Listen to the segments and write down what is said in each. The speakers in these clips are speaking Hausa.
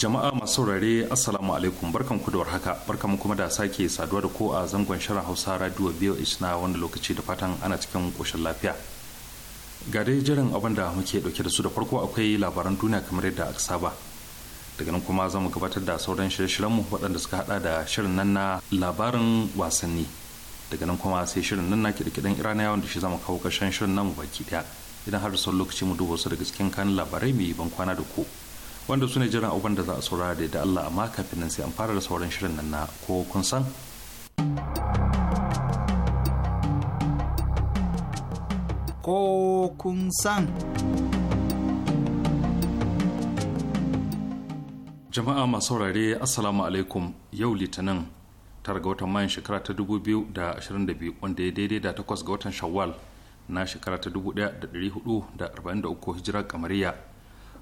jama'a masu saurare assalamu alaikum barkan ku da warhaka barkan kuma da sake saduwa da ko a zangon shirin hausa radio biyo na wanda lokaci da fatan ana cikin koshin lafiya ga dai jiran abin da muke dauke da su da farko akwai labaran duniya kamar yadda aka saba daga nan kuma za mu gabatar da sauran shirye-shiryenmu waɗanda suka hada da shirin nan na labarin wasanni daga nan kuma sai shirin nan na kiɗe irana yawon da shi zama kawo ƙarshen shirin nan baki daya idan har da lokaci mu duba su daga cikin kan labarai mai ban kwana da ku wanda su ne jiran abin da za a saurara da Allah amma kafin nan sai an fara da sauran shirin nan na ko kun san. Ko kun san. Jama'a masu saurare Assalamu alaikum yau Litinin tara ga watan mayan shekara ta 2022 wanda ya daidai da takwas ga watan Shawwal na shekara ta 1443 hijira kamariya.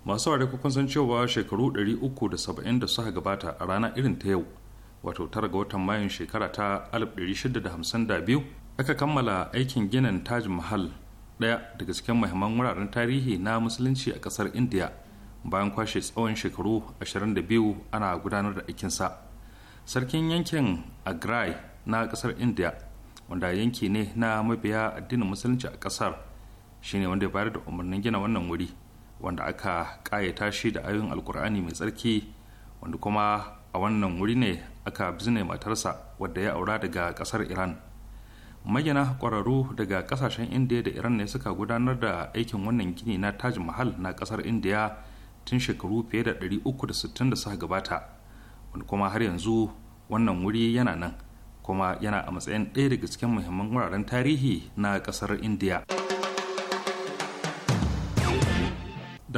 masu ware kukun san cewa shekaru 370 da suka gabata a rana irin ta yau wato tara ga watan mayun shekara ta 1652 aka kammala aikin ginin taj mahal daya daga cikin mahimman wuraren tarihi na musulunci a kasar india bayan kwashe tsawon shekaru 22 ana gudanar da aikinsa sarkin yankin agrai na kasar india wanda yanki ne na mabiya addinin musulunci a kasar shine wanda ya bayar da umarnin gina wannan wuri wanda aka ƙayata shi da ayoyin alkur'ani mai tsarki wanda kuma a wannan wuri ne aka bizne matarsa wadda ya aura daga ƙasar iran magina ƙwararru daga ƙasashen indiya da iran ne suka gudanar da aikin wannan gini na taj mahal na ƙasar indiya tun shekaru fiye da 360 da suka gabata wanda kuma har yanzu wannan wuri yana nan kuma yana a matsayin ɗaya daga cikin muhimman wuraren tarihi na ƙasar indiya.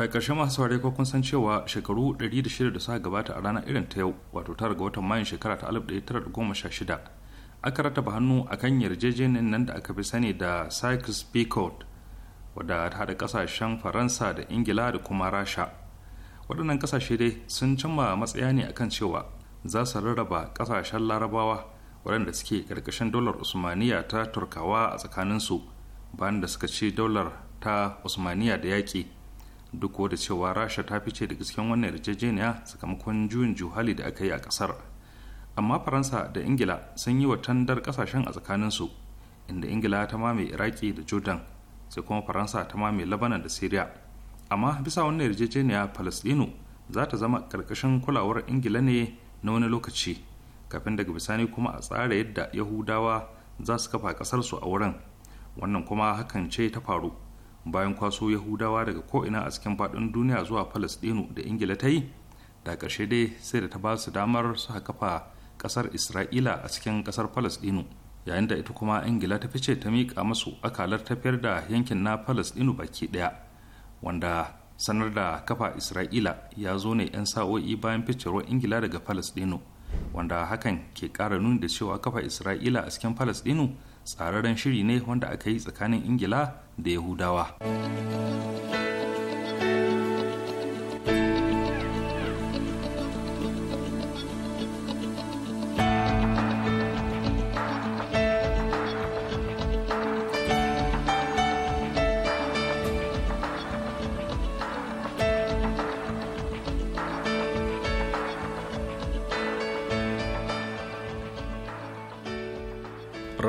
da ƙarshe masu saurare ko kun san cewa shekaru 106 da suka gabata a ranar irin ta yau wato tara ga watan mayun shekara ta 1916 aka rataba hannu a kan yarjejeniyar nan da aka fi sani da sykes picot wadda ta haɗa ƙasashen faransa da ingila da kuma rasha waɗannan ƙasashe dai sun cimma matsaya ne akan cewa za su rarraba ƙasashen larabawa waɗanda suke ƙarƙashin dolar usmaniya ta turkawa a tsakaninsu bayan da suka ci dolar ta usmaniya da yaƙi duk da cewa rasha ta fice da cikin wannan yarjejeniya sakamakon juyin juhali da aka yi a kasar amma faransa da ingila sun yi wa tandar kasashen a tsakaninsu inda ingila ta mame iraki da jordan sai kuma faransa ta mame labanan da syria amma bisa wannan yarjejeniya palestino za ta zama karkashin kulawar ingila ne na wani lokaci kafin daga bisani kuma a tsara yadda yahudawa za su kafa kasarsu a wurin wannan kuma hakan ce ta faru bayan kwaso yahudawa daga ko'ina a cikin faɗin duniya zuwa falasɗinu da ingila ta yi da ƙarshe dai sai da ta ba su damar su kafa ƙasar isra'ila a cikin ƙasar falasɗinu yayin da ita kuma ingila ta fice ta miƙa masu akalar tafiyar da yankin na falasɗinu baki ɗaya wanda sanar da kafa isra'ila ya zo ne 'yan sa'o'i bayan ficewar ingila daga falasɗinu wanda hakan ke ƙara nuni da cewa kafa isra'ila a cikin falasɗinu tsararren shiri ne wanda aka yi tsakanin ingila da yahudawa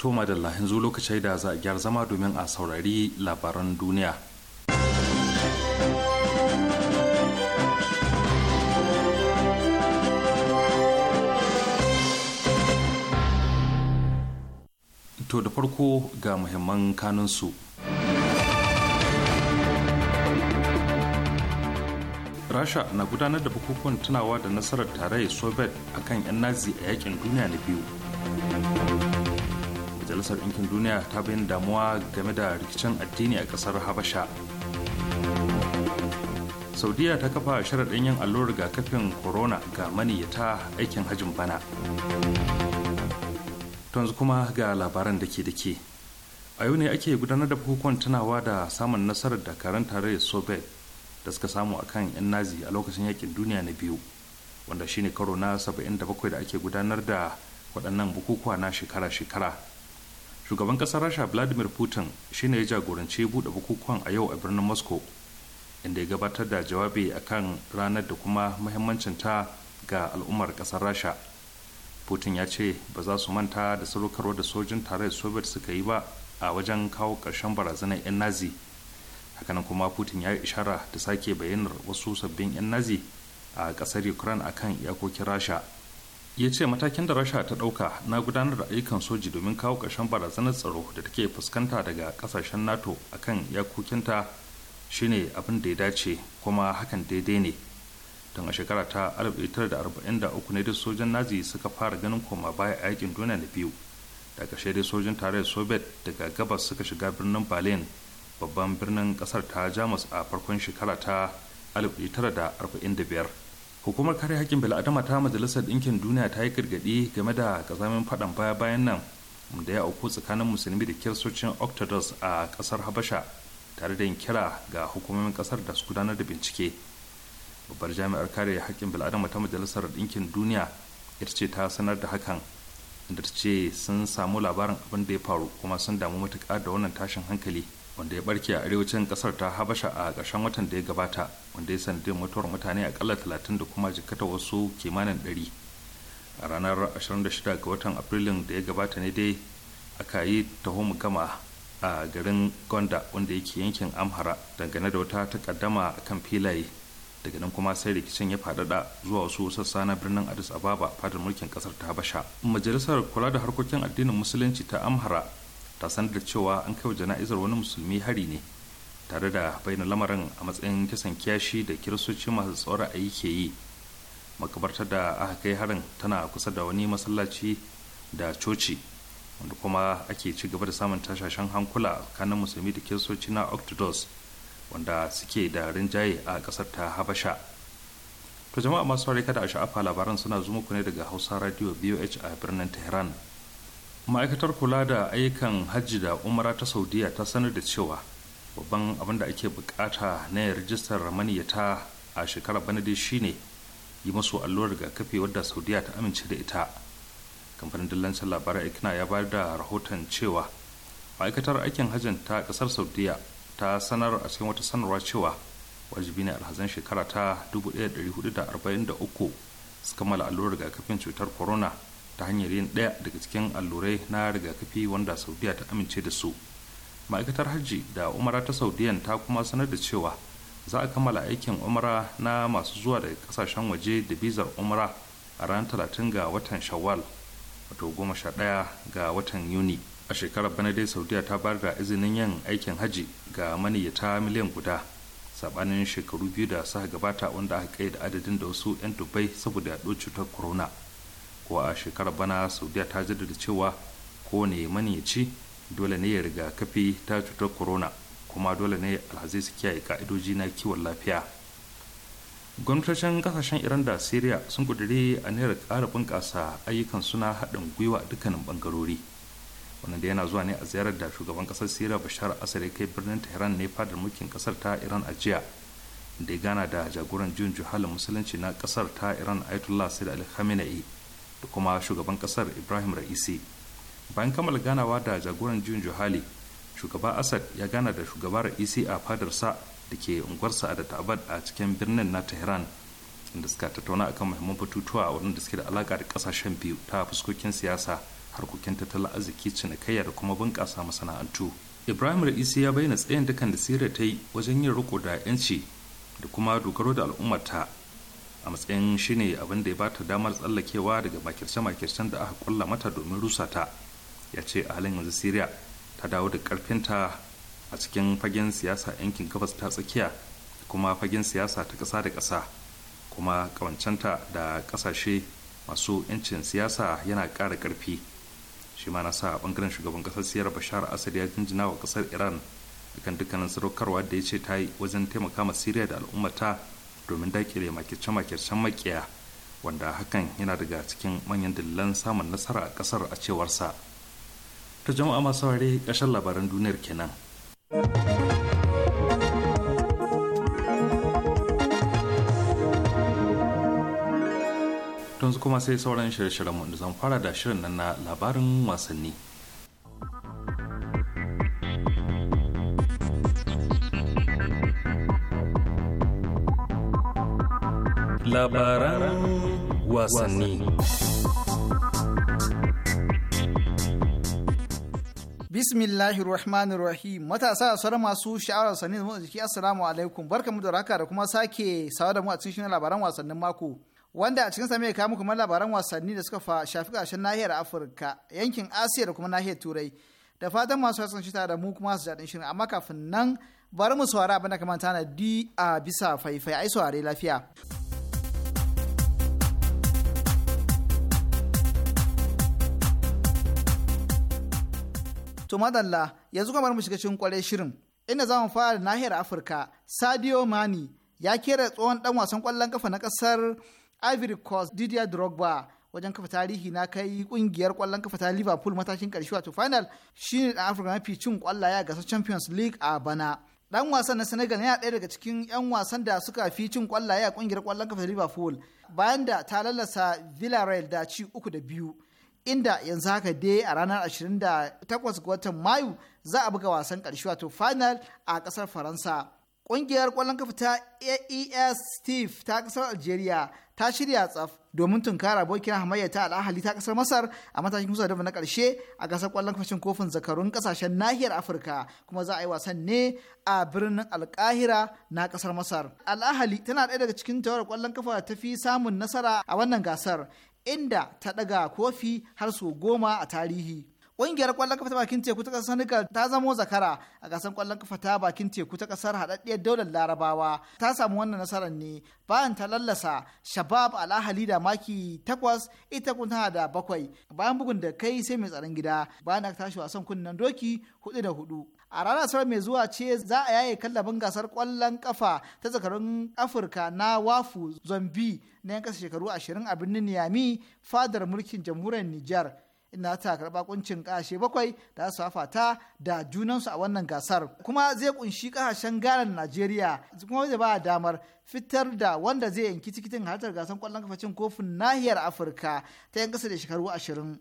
To madalla yanzu lokacin da za a gyar zama domin a saurari labaran duniya. To da farko ga muhimman kanunsu. Rasha na gudanar da bukukuwan tunawa da nasarar tarayyar Soviet akan 'yan Nazi a yakin duniya na biyu. majalisar ɗinkin duniya ta bayyana damuwa game da rikicin addini a ƙasar habasha saudiya ta kafa sharaɗin yin allurar rigakafin corona ga maniyyata aikin hajjin bana yanzu kuma ga labaran da ke da ke a yau ne ake gudanar da bukukuwan tunawa da samun nasarar dakarun tarayyar soviet da suka samu a kan 'yan nazi a lokacin yakin duniya na biyu wanda shine karo na 77 da ake gudanar da waɗannan bukukuwa na shekara-shekara shugaban kasar rasha vladimir putin shine ya jagoranci buɗe bukukuwan a yau a birnin moscow inda ya gabatar da jawabi a kan ranar da kuma muhimmancin ta ga al'ummar kasar rasha putin ya ce ba za su manta da sadaukarwar da sojin tarayyar soviet suka yi ba a wajen kawo ƙarshen barazanar 'yan nazi hakanan kuma putin ya yi ishara da sake bayyanar wasu sabbin 'yan nazi a ƙasar ukraine akan iyakokin rasha ya ce matakin da rasha ta ɗauka na gudanar da ayyukan soji domin kawo ƙarshen barazanar tsaro da take fuskanta daga ƙasashen nato a kan shi shine abin da ya dace kuma hakan daidai ne don a shekara ta 1943 ne da sojan nazi suka fara ganin koma baya a yakin duniya na biyu daga shaidai sojin tarayyar soviet daga gabas suka shiga birnin berlin babban birnin kasar ta jamus a farkon shekara ta 1945 hukumar kare hakkin bil'adama ta majalisar ɗinkin duniya ta yi gargaɗi game da ƙazamin faɗan baya bayan nan da ya auku tsakanin musulmi da kiristocin octodos a ƙasar habasha tare da yin kira ga hukumomin ƙasar da su gudanar da bincike babbar jami'ar kare hakkin bil'adama ta majalisar ɗinkin duniya ita ce ta sanar da hakan inda ta ce sun samu labarin abin da ya faru kuma sun damu matuƙa da wannan tashin hankali wanda ya barke a arewacin kasar ta habasha a ƙarshen watan da ya gabata wanda ya sanadin mutuwar mutane akalla talatin da kuma jikata wasu kimanin ɗari a ranar 26 ga watan afrilun da ya gabata ne dai aka yi taho gama a garin gonda wanda yake yankin amhara dangane da wata takaddama kan filaye daga nan kuma sai rikicin ya faɗaɗa zuwa wasu sassa na birnin addis ababa fadar mulkin kasar ta habasha majalisar kula da harkokin addinin musulunci ta amhara ta sanar da cewa an kai jana'izar wani musulmi hari ne tare da bayyana lamarin a matsayin kisan kiyashi da kiristoci masu tsawar yi ke yi makabartar da aka kai harin tana kusa da wani masallaci da coci wanda kuma ake ci gaba da samun tashashen hankula tsakanin musulmi da kiristoci na octodos wanda suke da rinjaye a kasar ta habasha to jama'a masu kada a sha'afa labaran suna zuma ku ne daga hausa radio voh a birnin tehran ma'aikatar kula da ayyukan hajji da umara ta saudiya ta sanar da cewa babban abin da ake bukata na yin rijistar maniyyata a shekarar bana dai shine yi masu allurar rigakafi wadda saudiya ta amince da ita kamfanin dillancin labarai ikina ya bayar da rahoton cewa ma'aikatar aikin hajjin ta kasar saudiya ta sanar a cikin wata sanarwa cewa wajibi ne alhazan shekara ta 1443 su kammala allurar rigakafin cutar corona ta hanyar yin ɗaya daga cikin allurai na rigakafi wanda saudiya ta amince da su ma'aikatar hajji da umara ta saudiyan ta kuma sanar da cewa za a kammala aikin umara na masu zuwa daga kasashen waje da bizar umara a ranar talatin ga watan shawwal wato goma sha ɗaya ga watan yuni a shekarar bana dai saudiya ta bayar da izinin yin aikin hajji ga maniyyata miliyan guda saɓanin shekaru biyu da suka gabata wanda aka kai da adadin da wasu 'yan dubai saboda yaɗo cutar corona ko a shekarar bana saudiya ta jaddada cewa ko kowane maniyaci dole ne ya riga kafi ta cutar corona kuma dole ne alhazai su kiyaye ka'idoji na kiwon lafiya gwamnatocin kasashen iran da syria sun a aniyar kara bunƙasa ayyukan suna haɗin gwiwa a dukkanin ɓangarori wannan da yana zuwa ne a ziyarar da shugaban ƙasar syria bashar asar kai birnin tehran ne fadar mulkin ƙasar ta iran a jiya da gana da jagoran juyin juhalin musulunci na ƙasar ta iran ayatollah sai da khamenei da kuma shugaban kasar ibrahim ra'isi bayan kammala ganawa da jagoran juyin johali shugaba asad ya gana da shugaba ra'isi a fadarsa da ke unguwarsa da ta'abad a cikin birnin na tehran inda suka tattauna akan muhimman batutuwa waɗanda suke da alaƙa da ƙasashen biyu ta fuskokin siyasa harkokin tattalin arziki cinikayya da kuma bunƙasa masana'antu ibrahim ra'isi ya bayyana tsayin dukan da sirri ta yi wajen yin riko da 'yanci da kuma dogaro da al'ummarta a matsayin shine abin da ya bata damar tsallakewa daga makirce-makircen da aka kulla mata domin rusa ta ya ce a halin yanzu syria ta dawo da karfinta a cikin fagen siyasa yankin gabas ta tsakiya kuma fagen siyasa ta ƙasa da ƙasa kuma ƙawancenta da ƙasashe masu 'yancin siyasa yana ƙara ƙarfi shi ma na sa bangaren shugaban ƙasar siyar bashar asad ya jinjina wa ƙasar iran akan dukkanin sadaukarwa da ya ce ta yi wajen taimaka ma siriya da al'ummata domin dakile makirce-makircen makiya wanda hakan yana daga cikin manyan dillan samun nasara a kasar a cewarsa ta jama'a masu ware ƙashin labaran duniyar kenan su kuma sai sauran shirye-shiryen mu da zan fara da shirin nan na labarin wasanni labaran wasanni bismillahir rahmanir rahim matasa da sauran masu sha'awar wasanni da motsa jiki assalamu alaikum barkamu da raka da kuma sake sawa da mu a cikin labaran wasannin mako wanda a cikin sa mai kawo muku labaran wasanni da suka shafi ƙarshen nahiyar afirka yankin asiya da kuma nahiyar turai da fatan masu wasan shi da mu kuma su jaɗin shirin amma kafin nan bari mu saurari abin da kamar di a bisa faifai ai saurari lafiya. To madalla yanzu kamar mu shiga cikin kware shirin. Ina za mu fara nahiyar Afirka, Sadio Mani ya kera tsohon dan wasan kwallon kafa na kasar Ivory Coast Didier Drogba wajen kafa tarihi na kai kungiyar kwallon kafa ta Liverpool matakin karshe wato final shine dan Afirka mafi cin kwallaye a gasar Champions League a bana. Dan wasan na Senegal yana ɗaya daga cikin 'yan wasan da suka fi cin kwallaye a kungiyar kwallon kafa Liverpool bayan da ta lalasa Villarreal da ci uku da biyu. inda yanzu haka dai a ranar 28 ga watan mayu za a buga wasan ƙarshe wato final a ƙasar faransa ƙungiyar ƙwallon kafa ta e steve ta ƙasar algeria ta shirya tsaf domin tunkara abokin hamayya ta al'ahali ta kasar masar a matakin kusa da na ƙarshe a gasar ƙwallon kafashin kofin zakarun ƙasashen nahiyar afirka kuma za a yi wasan ne a birnin alkahira na ƙasar masar al'ahali tana ɗaya daga cikin tawar ƙwallon kafa ta fi samun nasara a wannan gasar inda ta ɗaga kofi har sau goma a tarihi. Ƙungiyar ƙwallon kafa ta bakin teku ta ƙasar Senegal ta zamo zakara a gasar ƙwallon kafa ta bakin teku ta ƙasar haɗaɗɗiyar daular Larabawa ta samu wannan nasarar ne bayan ta lallasa Shabab Alahali da maki takwas ita kun da bakwai bayan bugun da kai sai mai tsaron gida bayan aka tashi wasan kunnen doki hudu da hudu. a ranar asabar mai zuwa ce za a yaye kallabin gasar kwallon kafa ta zakarun afirka na wafu zombi na yan kasa shekaru 20 a birnin niyami fadar mulkin jamhuriyar nijar inda ta karɓa kuncin ƙashe bakwai da su fata da junansu a wannan gasar kuma zai kunshi ƙasashen ghana najeriya kuma zai ba damar fitar da wanda zai yanki tikitin halartar gasar kwallon kafa kofin nahiyar afirka ta yan kasa da shekaru ashirin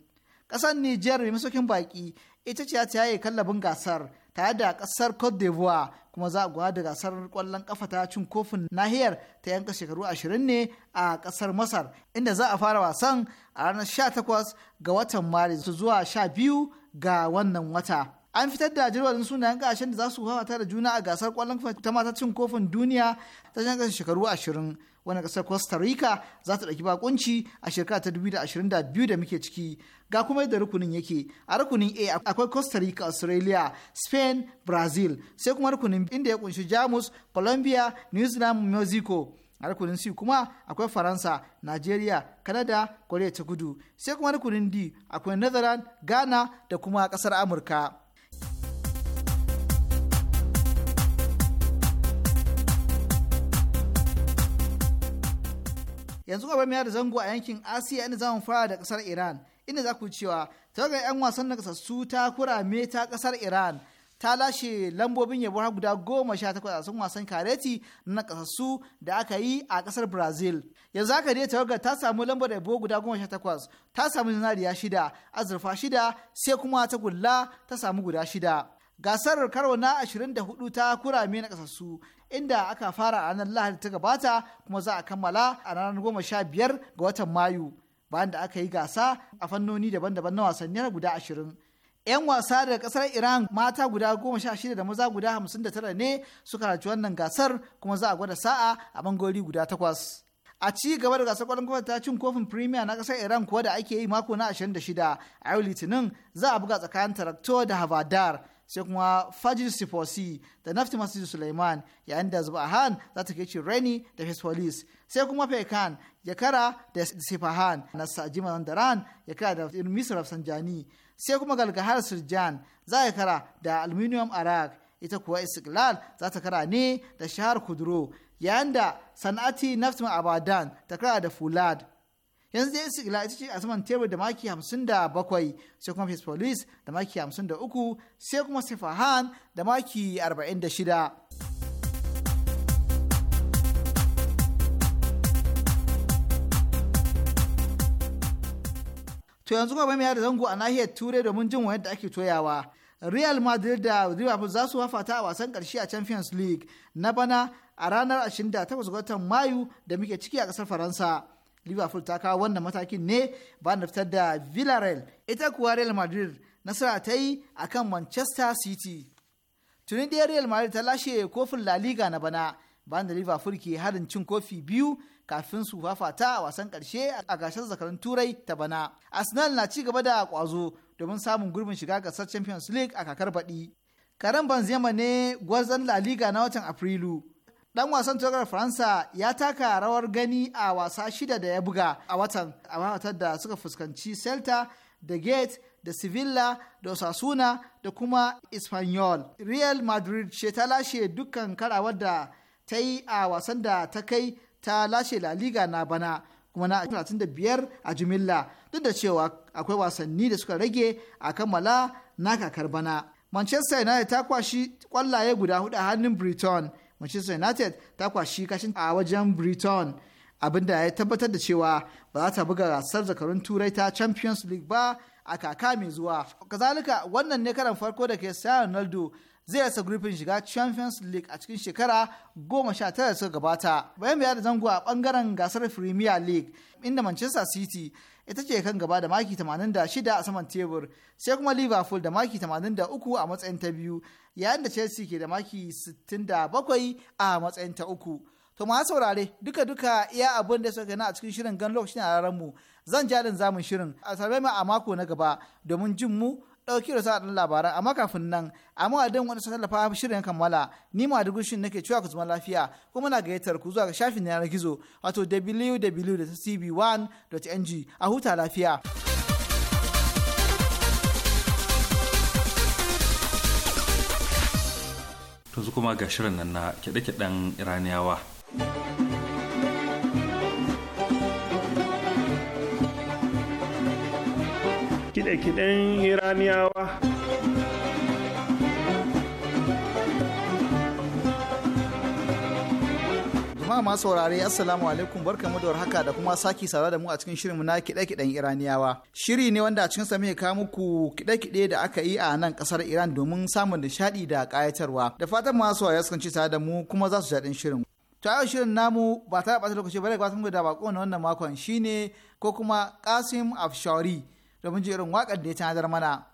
ƙasar nijar mai masaukin baƙi ita ce ta yaye kallabin gasar yadda a kasar cote d'ivoire kuma za a gwada gasar kwallon kafa ta cin kofin nahiyar ta yanka shekaru ashirin ne a ƙasar masar inda za a fara wasan a ranar 18 ga watan maris zuwa 12 ga wannan wata an fitar da jadawalin sunayen kasashen da za su hawa da juna a gasar kwallon kafa ta mata cin kofin duniya ta shan kasar shekaru ashirin wani kasar costa rica za ta ɗauki bakunci a shekara ta biyu da muke ciki ga kuma yadda rukunin yake a rukunin a akwai costa rica australia spain brazil sai kuma rukunin inda ya kunshi jamus colombia new zealand mexico a rukunin C kuma akwai Faransa, nigeria canada korea ta Kudu, sai kuma rukunin D akwai Netherlands, Ghana da kuma kasar Amurka. yanzu gobe ya da zango a yankin asiya inda zamu fara da kasar iran inda za ku cewa tawagar 'yan wasan na kasassu ta kurame ta kasar iran ta lashe lambobin yabo har guda goma sha takwas a sun wasan kareti na kasassu da aka yi a kasar brazil yanzu haka dai tawaga ta samu lambar yabo guda goma sha takwas ta samu zinariya shida azurfa shida sai kuma ta gulla ta samu guda shida gasar karo na 24 ta kurame na kasassu inda aka fara a ranar lahadi ta gabata kuma za a kammala a ranar goma biyar ga watan mayu bayan da aka yi gasa a fannoni daban-daban na wasannin guda ashirin. 'yan wasa daga kasar iran mata guda goma sha shida da maza guda hamsin ne suka halarci wannan gasar kuma za a gwada sa'a a bangori guda takwas. a ci gaba da gasar kwallon kofar ta cin kofin premier na kasar iran kuwa da ake yi mako na 26 a yau litinin za a buga tsakanin tarakto da havadar sai kuma Fajr Sifosi da Nafti Masjid Suleiman yayin da Zubahan za ta kai Reni da Fesfolis sai kuma Fekan ya kara da Sifahan na Sajima ya kara da Misr Rafsanjani sai kuma Galgahar Sirjan za ya kara da Aluminium Arak ita kuwa Istiklal za ta kara ne da Shahar Kuduro yayin da san'ati Nafti Abadan ta kara da Fulad yanzu da sigila ita ce a saman tebur da maki 57 sai kuma face police da maki 53 sai kuma sifahan da maki 46 to yanzu kuma mai da zango a nahiyar turai domin jin wayar da ake toyawa real madrid da liverpool za su wafata a wasan karshe a champions league na bana a ranar 28 ga watan mayu da muke ciki a kasar faransa liverpool ta kawo wannan matakin ne ba na fitar da villarreal ita kuwa real madrid nasara ta yi a kan manchester city tuni dai real madrid ta lashe kofin la liga na bana ba da liverpool ke harin cin kofi biyu kafin su fafata a wasan karshe a gasar zakarun turai ta bana arsenal na ci gaba da kwazo domin samun gurbin shiga gasar champions league a kakar baɗi karen banzema ne gwarzon la liga na watan afrilu dan wasan tawagar faransa ya taka rawar gani a wasa shida da ya buga a watan a watan da suka fuskanci celta da gate da sevilla da osasuna da kuma espanyol real madrid ce ta lashe dukkan karawar da ta yi a wasan da ta kai ta lashe la liga na bana kuma na biyar a jimilla duk da cewa akwai wasanni da suka rage a kammala na kakar bana manchester united ta kwashi kwallaye guda hudu a hannun britain manchester united ta kwashi kashin a wajen britain abinda ya tabbatar da cewa ba za ta buga gasar zakarun turai ta champions league ba a kaka mai zuwa kazalika wannan ne karan farko da ke ronaldo zai rasa gurbin shiga champions league a cikin shekara goma sha tara suka gabata bayan biya da zango a bangaren gasar premier league inda manchester city ita ce kan gaba da maki 86 a saman tebur sai kuma liverpool da maki 83 a matsayin ta biyu yayin da chelsea ke da maki 67 a matsayin ta uku to ma saurare duka duka iya abin da suka na a cikin shirin gan lokacin a mu zan jadin zamun shirin a tarbe mu a mako na gaba domin jin mu ɗauki da sa'adun labaran amma kafin nan a ma'adin wani sa tallafa shirin kammala ni ma da gushin nake cewa ku zama lafiya kuma na gayyatar ku zuwa ga shafin yanar gizo wato www.tv1.ng a huta lafiya. Tuzu kuma ga shirin nan na kyaɗe-kyaɗen Iraniyawa. kide-kiden iraniyawa jama'a masu saurare assalamu alaikum barkamu da haka da kuma saki saurare da mu a cikin shirinmu na kiɗe-kiɗen iraniyawa shiri ne wanda a cikin sa muke kawo muku kiɗe kide da aka yi a nan kasar iran domin samun nishaɗi da kayatarwa. da fatan masu saurare sun ci tare da mu kuma za su jaɗin shirin ta yau shirin namu ba ta ɓata lokaci ba da gabatar da bakon wannan makon shine ko kuma kasim afshari domin irin waƙar da ya tanadar mana.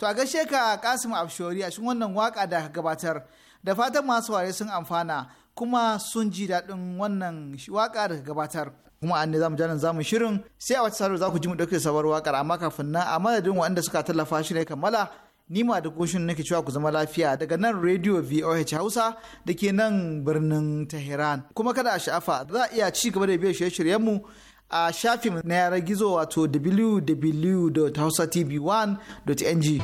To a gaishe ka Kasim Abshori a cikin wannan waka da gabatar da fatan masu ware sun amfana kuma sun ji daɗin wannan waka da gabatar. Kuma an ne zamu janin zamu shirin sai a wata saro za ku ji mu ɗauke sabar wakar amma kafin nan a madadin waɗanda suka tallafa shi ne kammala ni ma da goshin nake cewa ku zama lafiya daga nan radio VOH Hausa da ke nan birnin Tehran. Kuma kada a sha'afa za a iya ci gaba da biyan shirye-shiryenmu mu a shafin na yara gizo wato www.hausatv1.ng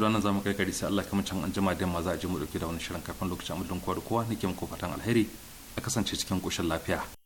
da wannan zamu kai kari sai Allah kamar can an jima da za a ji mu dauke da wani shirin kafin lokacin mu kowa da kowa nake muku fatan alheri a kasance cikin koshin lafiya